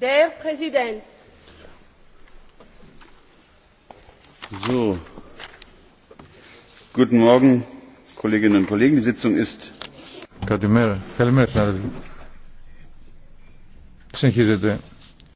Der Präsident. So. Guten Morgen, Kolleginnen und Kollegen. Die Sitzung ist. Καλημέρα. Helmer, συνάδελφοι. Συνεχίζεται